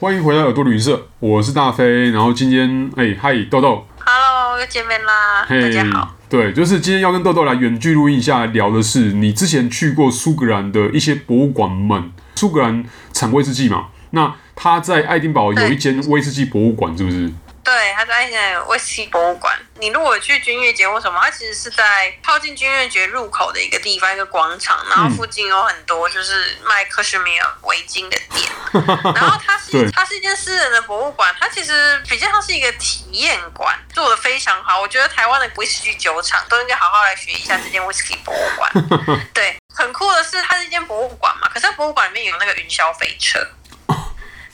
歡迎回到耳朵旅行社，我是大飛。然後今天，哎，嗨，豆豆，Hello，又見面啦，hey, 大家好。對，就是今天要跟豆豆來遠距錄音一下，聊的是你之前去過蘇格蘭的一些博物館們，蘇格蘭產威士忌嘛。那他在愛丁堡有一間威士忌博物館，是不是？對，他在一間威士忌博物館。你如果去軍樂節或什麼，它其實是在靠近軍樂節入口的一個地方，一個廣場。然後附近有很多就是賣 Cashmere 圍巾的店，嗯。然後它是 它是一間私人的博物館，它其實比較像是一個體驗館，做得非常好。我覺得台灣的威士忌酒廠，都應該好好來學一下這間威士忌博物館。 對，很酷的是它是一間博物館嘛，可是它博物館裡面有那個雲霄飛車。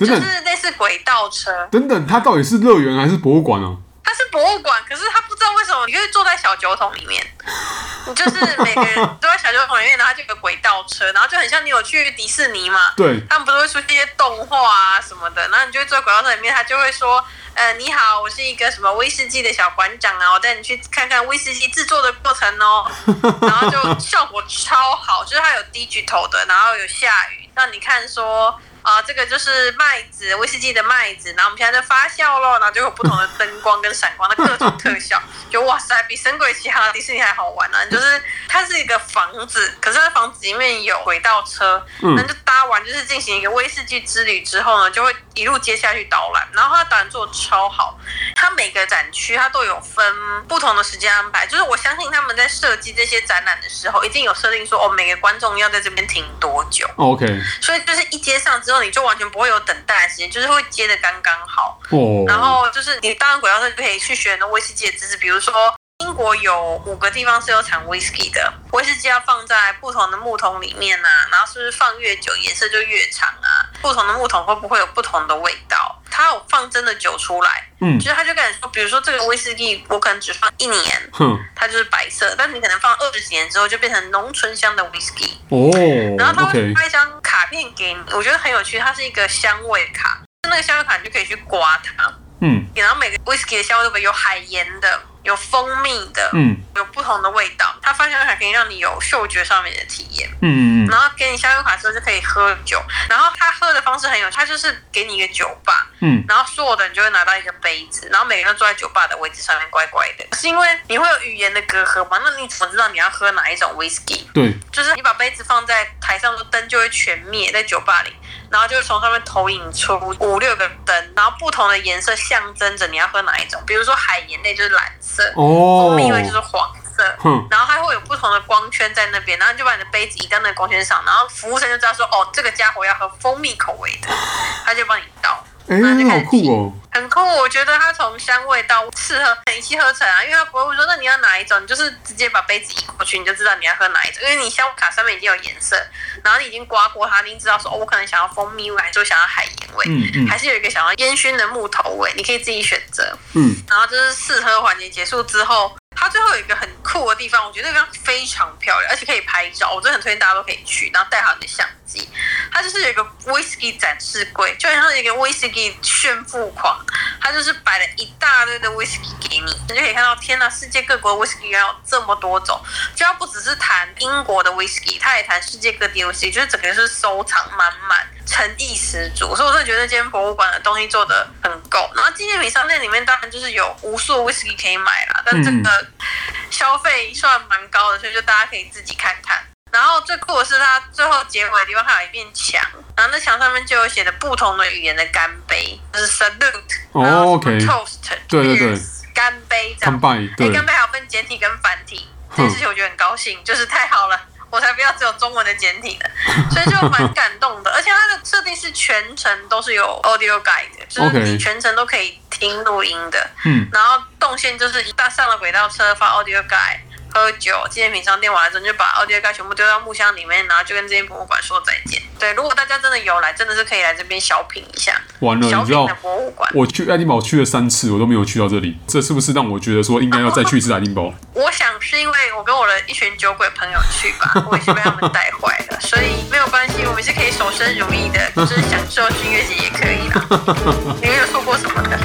就是類似軌道車。等等，它到底是樂園還是博物館呢、啊？它是博物館，可是他不知道為什麼，你可以坐在小酒桶裡面。你 就是每個人坐在小酒桶裡面，然後就有軌道車，然後就很像你有去迪士尼嘛？對。他們不是會出現一些動畫啊什麼的，然後你就會坐在軌道車裡面，他就會說：“呃，你好，我是一個什麼威士忌的小館長啊，我帶你去看看威士忌製作的過程哦。 ”然後就效果超好，就是它有 Digital 的，然後有下雨，那你看說。啊、呃，這個就是麥子，威士忌的麥子，然後我們現在在發酵咯，然後就有不同的燈光跟閃光的各種特效， 就哇塞，比《神鬼奇俠》迪士尼還好玩呢，啊，就是它是一個房子，可是它的房子裡面有軌道車，那就。他玩就是進行一個威士忌之旅之後呢，就會一路接下去導覽，然後他導覽做得超好，他每個展區他都有分不同的時間安排，就是我相信他們在設計這些展覽的時候，一定有設定說哦，每個觀眾要在這邊停多久。OK，所以就是一接上之後，你就完全不會有等待的時間，就是會接得剛剛好。Oh. 然後就是你當然，鬼要是可以去學很多威士忌的知識，比如說。中國有五個地方是有產威士忌的，威士忌要放在不同的木桶裡面啊，然後是不是放越久顏色就越長啊？不同的木桶會不會有不同的味道？他有放真的酒出來，嗯，其實他就跟你說，比如說這個威士忌我可能只放一年，嗯，它就是白色，但你可能放二十幾年之後就變成濃醇香的威士忌哦。然後他會發一張卡片給你。哦 okay，我覺得很有趣，它是一個香味卡，那個香味卡你就可以去刮它，嗯，然後每個威士忌的香味都會有海鹽的？有蜂蜜的，嗯，有不同的味道。它發現還可以讓你有嗅覺上面的體驗，嗯，嗯，嗯。然後給你下費卡之後就可以喝酒。然後他喝的方式很有，他就是給你一個酒吧，嗯，然後坐的你就會拿到一個杯子，然後每個人都坐在酒吧的位置上面乖乖的。是因為你會有語言的隔閡嗎？那你怎麼知道你要喝哪一種威士忌？對，就是你把杯子放在台上的燈就會全滅在酒吧裡，然後就會從上面投影出五六個燈，然後不同的顏色象徵着你要喝哪一種。比如說海鹽那就是藍。哦，蜂蜜味就是黃色，oh. 然後它會有不同的光圈在那邊，然後你就把你的杯子移到那個光圈上，然後服務生就知道說，哦，這個家伙要喝蜂蜜口味的，他就幫你。哎，你、欸、好酷哦！很酷，我覺得它從香味到試喝，很一氣呵成啊。因為它不會說，那你要哪一種？你就是直接把杯子移過去，你就知道你要喝哪一種。因為你香卡上面已經有顏色，然後你已經刮過它，你已經知道說，哦，我可能想要蜂蜜味，還是想要海鹽味，還、嗯嗯、還是有一個想要煙熏的木頭味，你可以自己選擇。嗯，然後就是試喝環節結束之後，它最後有一個很酷的地方，我覺得這地方非常漂亮，而且可以拍照，我真的很推薦大家都可以去，然後帶好你的相機。就是有一個威士忌展示櫃，就像一個威士忌炫富狂，他就是擺了一大堆的威士忌給你，你就可以看到，天吶，世界各國的威士忌要有這麼多種，就要不只是談英國的威士忌，他也談世界各地威士忌，就是整個是收藏滿滿，誠意十足，所以我就覺得這間博物館的東西做的很夠。然後紀念品商店裡面當然就是有無數威士忌可以買了，但這個消費算蠻高的，所以就大家可以自己看看。然後最酷的是，它最後結尾的地方還有一面牆，然後那牆上面就有寫着不同的語言的乾杯，就是 salute，toast，oh, okay. 對對對，乾杯，這樣乾杯，對乾杯還有分簡體跟繁體，這件事情我覺得很高興，就是太好了，我才不要只有中文的簡體的，所以就蠻感動的。 而且它的設定是全程都是有 audio guide 的，okay. 就是你全程都可以聽錄音的，嗯，然後動線就是一旦上了軌道車，發 audio guide。喝酒，紀念品商店完了之後就把奧迪的蓋全部丟到木箱裡面，然後就跟這間博物館說再見。對，如果大家真的有來，真的是可以來這邊小品一下。玩了，小品你知道的博物館，我去愛丁堡去了三次，我都沒有去到這裡。這是不是讓我覺得說應該要再去一次愛丁堡？ 我想是因為我跟我的一群酒鬼朋友去吧，我是被他們帶壞了， 所以沒有關係，我們是可以守身如玉的， 就是享受音樂節也可以啦。 你們有做過什麼的？